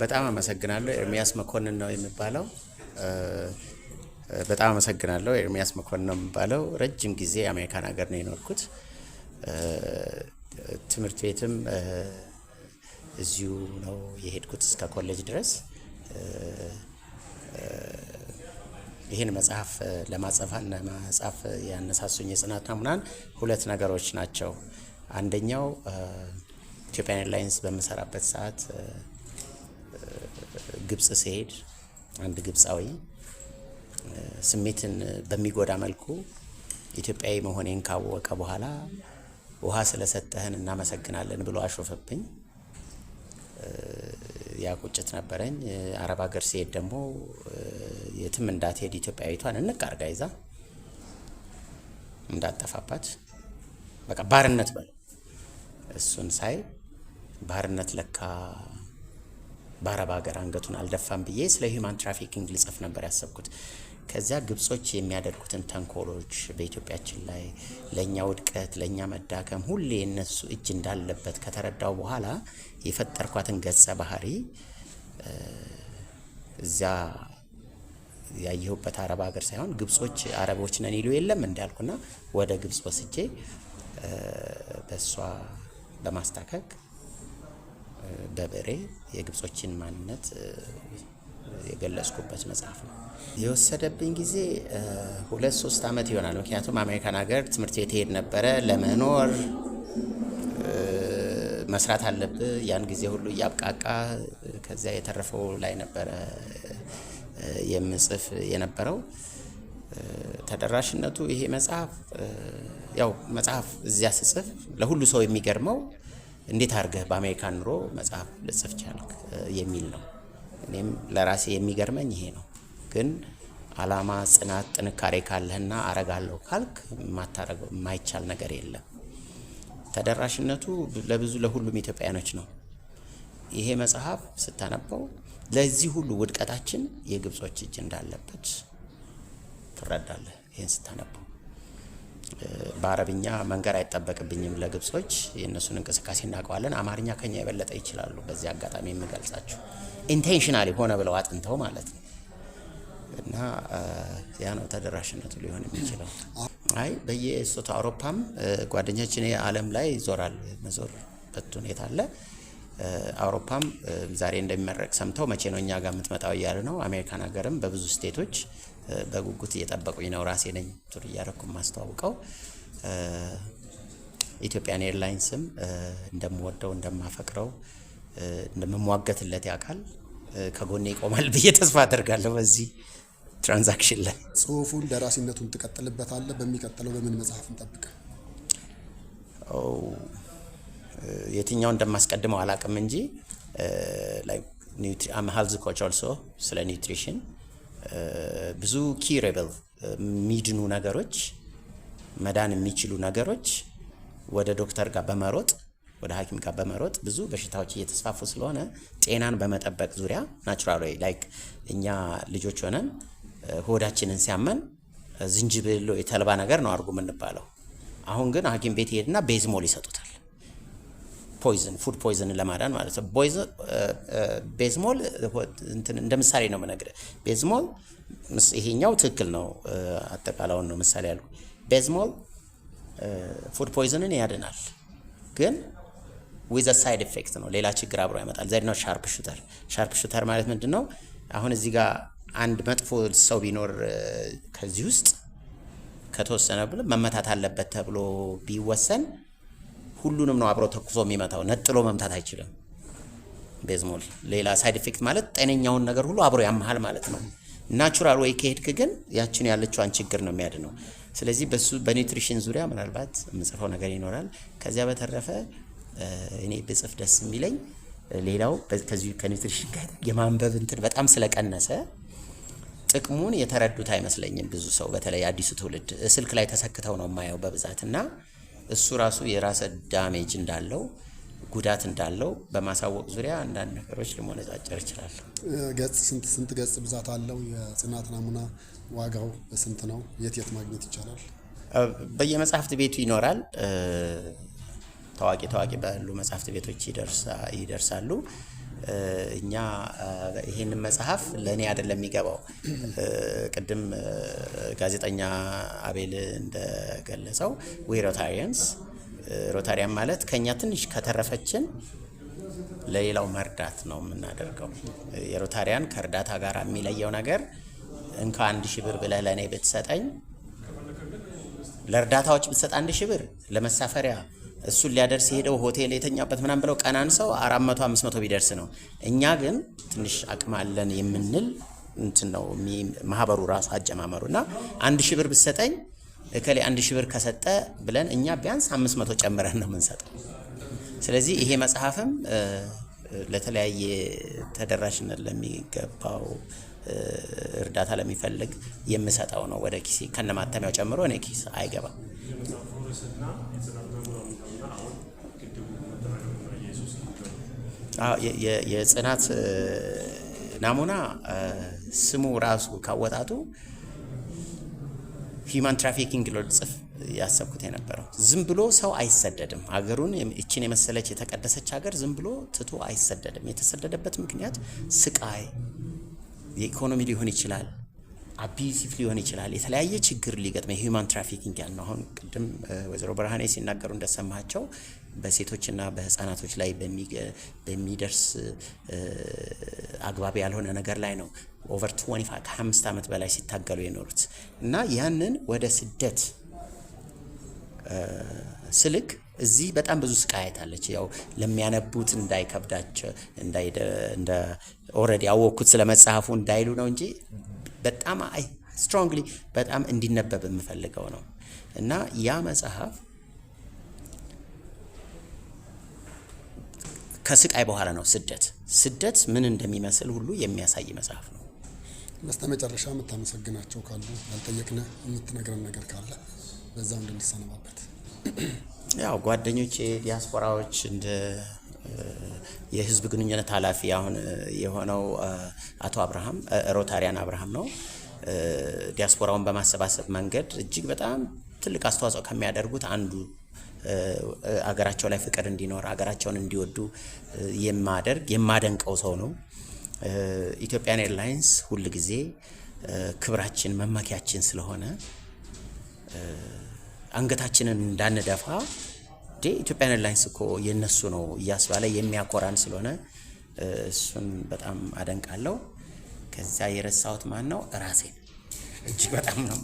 በጣም አመሰግናለሁ። ኤርሚያስ መኮንን ነው የሚባለው። በጣም አመሰግናለሁ። ኤርሚያስ መኮንን ነው የሚባለው። ረጅም ጊዜ የአሜሪካን ሀገር ነው የኖርኩት። ትምህርት ቤትም እዚሁ ነው የሄድኩት እስከ ኮሌጅ ድረስ። ይህን መጽሐፍ ለማጸፋና መጽሐፍ ያነሳሱኝ የጽናት ናሙናን ሁለት ነገሮች ናቸው። አንደኛው ኢትዮጵያን ኤርላይንስ በምሰራበት ሰዓት ግብፅ ሲሄድ አንድ ግብፃዊ ስሜትን በሚጎዳ መልኩ ኢትዮጵያዊ መሆኔን ካወቀ በኋላ ውሃ ስለሰጠህን እናመሰግናለን ብሎ አሾፈብኝ። ያ ቁጭት ነበረኝ። አረብ ሀገር ሲሄድ ደግሞ የትም እንዳትሄድ ኢትዮጵያዊቷን እንቅ አርጋ ይዛ እንዳጠፋባት በቃ ባርነት በለው። እሱን ሳይ ባርነት ለካ በአረብ ሀገር አንገቱን አልደፋም ብዬ ስለ ሂውማን ትራፊኪንግ ልጽፍ ነበር ያሰብኩት። ከዚያ ግብጾች የሚያደርጉትን ተንኮሎች በኢትዮጵያችን ላይ ለእኛ ውድቀት፣ ለእኛ መዳከም ሁሌ የነሱ እጅ እንዳለበት ከተረዳው በኋላ የፈጠርኳትን ገጸ ባህሪ እዚያ ያየሁበት አረብ ሀገር ሳይሆን ግብጾች አረቦች ነን ይሉ የለም እንዳልኩና ወደ ግብጽ ወስጄ በእሷ በማስታከክ በብሬ የግብጾችን ማንነት የገለጽኩበት መጽሐፍ ነው። የወሰደብኝ ጊዜ ሁለት ሶስት ዓመት ይሆናል። ምክንያቱም አሜሪካን ሀገር ትምህርት ቤት ሄድ ነበረ ለመኖር መስራት አለብህ። ያን ጊዜ ሁሉ እያብቃቃ ከዚያ የተረፈው ላይ ነበረ የምጽፍ የነበረው። ተደራሽነቱ ይሄ መጽሐፍ ያው መጽሐፍ እዚያ ስጽፍ ለሁሉ ሰው የሚገርመው እንዴት አድርገህ በአሜሪካን ኑሮ መጽሐፍ ልጽፍ ቻልክ የሚል ነው። እኔም ለራሴ የሚገርመኝ ይሄ ነው። ግን አላማ፣ ጽናት፣ ጥንካሬ ካለህና አረጋለሁ ካልክ የማታረገው የማይቻል ነገር የለም። ተደራሽነቱ ለብዙ ለሁሉም ኢትዮጵያኖች ነው። ይሄ መጽሐፍ ስታነባው ለዚህ ሁሉ ውድቀታችን የግብጾች እጅ እንዳለበት ትረዳለህ። ይህን ስታነበው በአረብኛ መንገድ አይጠበቅብኝም ለግብጾች የእነሱን እንቅስቃሴ እናውቀዋለን። አማርኛ ከኛ የበለጠ ይችላሉ። በዚህ አጋጣሚ የምገልጻችሁ ኢንቴንሽናል ሆነ ብለው አጥንተው ማለት ነው። እና ያ ነው ተደራሽነቱ ሊሆን የሚችለው። አይ በየሶቱ አውሮፓም ጓደኛችን አለም ላይ ይዞራል መዞርበት ሁኔታ አለ። አውሮፓም ዛሬ እንደሚመረቅ ሰምተው መቼ ነው እኛ ጋር የምትመጣው እያለ ነው። አሜሪካን ሀገርም በብዙ ስቴቶች በጉጉት እየጠበቁኝ ነው። ራሴ ነኝ ቱር እያደረኩ የማስተዋውቀው። ኢትዮጵያን ኤርላይንስም እንደምወደው እንደማፈቅረው እንደምሟገትለት ያውቃል። ከጎኔ ይቆማል ብዬ ተስፋ አደርጋለሁ። በዚህ ትራንዛክሽን ላይ ጽሁፉን ደራሲነቱን ትቀጥልበታለህ? በሚቀጥለው በምን መጽሐፍ እንጠብቅ? የትኛው እንደማስቀድመው አላቅም እንጂ ሄልዝ ኮች ኦልሶ ስለ ኒውትሪሽን ብዙ ኪረብል የሚድኑ ነገሮች መዳን የሚችሉ ነገሮች ወደ ዶክተር ጋር በመሮጥ ወደ ሐኪም ጋር በመሮጥ ብዙ በሽታዎች እየተስፋፉ ስለሆነ ጤናን በመጠበቅ ዙሪያ ናቹራል ወይ ላይክ እኛ ልጆች ሆነን ሆዳችንን ሲያመን ዝንጅብል የተልባ ነገር ነው አድርጉ የምንባለው። አሁን ግን ሐኪም ቤት ይሄድና ቤዝሞል ይሰጡታል። ፖይዝን ፉድ ፖይዝን ለማዳን ማለት ነው። ቤዝሞል እንደ ምሳሌ ነው የምነግርህ። ቤዝሞል ይሄኛው ትክክል ነው። አጠቃላውን ነው ምሳሌ ያልኩ። ቤዝሞል ፉድ ፖይዝንን ያድናል፣ ግን ዊዝ ሳይድ ኢፌክት ነው። ሌላ ችግር አብሮ ያመጣል። ዘድ ነው ሻርፕ ሹተር። ሻርፕ ሹተር ማለት ምንድን ነው? አሁን እዚህ ጋር አንድ መጥፎ ሰው ቢኖር ከዚህ ውስጥ ከተወሰነ ብሎ መመታት አለበት ተብሎ ቢወሰን ሁሉንም ነው አብሮ ተኩሶ የሚመታው። ነጥሎ መምታት አይችልም። ቤዝሞል ሌላ ሳይድ ኢፌክት ማለት ጤነኛውን ነገር ሁሉ አብሮ ያመሃል ማለት ነው። ናቹራል ወይ ከሄድክ ግን ያችን ያለችዋን ችግር ነው የሚያድነው። ስለዚህ በሱ በኒውትሪሽን ዙሪያ ምናልባት የምጽፈው ነገር ይኖራል። ከዚያ በተረፈ እኔ ብጽፍ ደስ የሚለኝ ሌላው ከዚሁ ከኒውትሪሽን ጋር የማንበብ እንትን በጣም ስለቀነሰ ጥቅሙን የተረዱት አይመስለኝም ብዙ ሰው፣ በተለይ አዲሱ ትውልድ ስልክ ላይ ተሰክተው ነው የማየው በብዛት እና እሱ ራሱ የራሰ ዳሜጅ እንዳለው ጉዳት እንዳለው በማሳወቅ ዙሪያ አንዳንድ ነገሮች ልሞነጫጨር ይችላል። ገጽ ስንት ገጽ ብዛት አለው? የጽናት ናሙና ዋጋው ስንት ነው? የት የት ማግኘት ይቻላል? በየመጽሐፍት ቤቱ ይኖራል። ታዋቂ ታዋቂ ባሉ መጽሐፍት ቤቶች ይደርሳሉ። እኛ ይሄንን መጽሐፍ ለእኔ አይደለም የሚገባው። ቅድም ጋዜጠኛ አቤል እንደገለጸው ዊ ሮታሪያንስ ሮታሪያን ማለት ከእኛ ትንሽ ከተረፈችን ለሌላው መርዳት ነው የምናደርገው። የሮታሪያን ከእርዳታ ጋር የሚለየው ነገር እንከ አንድ ሺህ ብር ብለህ ለእኔ ብትሰጠኝ ለእርዳታዎች ብትሰጥ አንድ ሺህ ብር ለመሳፈሪያ እሱን ሊያደርስ የሄደው ሆቴል የተኛበት ምናምን ብለው ቀናን ሰው አራት መቶ አምስት መቶ ቢደርስ ነው። እኛ ግን ትንሽ አቅም አለን የምንል እንትን ነው ማህበሩ ራሱ አጀማመሩ እና አንድ ሺህ ብር ብትሰጠኝ እከሌ አንድ ሺህ ብር ከሰጠ ብለን እኛ ቢያንስ አምስት መቶ ጨምረን ነው የምንሰጠው። ስለዚህ ይሄ መጽሐፍም ለተለያየ ተደራሽነት ለሚገባው እርዳታ ለሚፈልግ የምሰጠው ነው። ወደ ኪሴ ከነማተሚያው ጨምሮ እኔ ኪስ አይገባም። የጽናት አሁን ግድቡ መጠናቀቁና ኢየሱስ የጽናት ናሙና ስሙ ራሱ ካወጣቱ ሂውማን ትራፊኪንግ ጽፍ ያሰብኩት የነበረው ዝም ብሎ ሰው አይሰደድም። ሀገሩን እችን የመሰለች የተቀደሰች ሀገር ዝም ብሎ ትቶ አይሰደድም። የተሰደደበት ምክንያት ስቃይ፣ የኢኮኖሚ ሊሆን ይችላል አቢዩዚቭ ሊሆን ይችላል። የተለያየ ችግር ሊገጥመ ሂውማን ትራፊኪንግ ያን አሁን ቅድም ወይዘሮ ብርሃኔ ሲናገሩ እንደሰማቸው በሴቶችና በህፃናቶች ላይ በሚደርስ አግባብ ያልሆነ ነገር ላይ ነው ኦቨር 25 ከአምስት ዓመት በላይ ሲታገሉ የኖሩት እና ያንን ወደ ስደት ስልክ እዚህ በጣም ብዙ ስቃይ አይታለች። ያው ለሚያነቡት እንዳይከብዳቸው እንደ ኦልሬዲ ያወቅኩት ስለ መጽሐፉ እንዳይሉ ነው እንጂ በጣም አይ ስትሮንግሊ በጣም እንዲነበብ የምፈልገው ነው እና ያ መጽሐፍ ከስቃይ በኋላ ነው ስደት ስደት ምን እንደሚመስል ሁሉ የሚያሳይ መጽሐፍ ነው። መጨረሻ የምታመሰግናቸው ካሉ ያልጠየቅነ የምትነግረን ነገር ካለ በዛው እንድንሰነባበት ያው ጓደኞቼ ዲያስፖራዎች እንደ የህዝብ ግንኙነት ኃላፊ አሁን የሆነው አቶ አብርሃም ሮታሪያን አብርሃም ነው። ዲያስፖራውን በማሰባሰብ መንገድ እጅግ በጣም ትልቅ አስተዋጽኦ ከሚያደርጉት አንዱ አገራቸው ላይ ፍቅር እንዲኖር አገራቸውን እንዲወዱ የማደርግ የማደንቀው ሰው ነው። ኢትዮጵያን ኤርላይንስ ሁል ጊዜ ክብራችን መመኪያችን ስለሆነ አንገታችንን እንዳንደፋ ኢትዮጵያን ኤርላይንስ እኮ የነሱ ነው እያስባለ የሚያኮራን ስለሆነ እሱን በጣም አደንቃለሁ። ከዚያ የረሳሁት ማን ነው? ራሴን እጅግ በጣም ነው።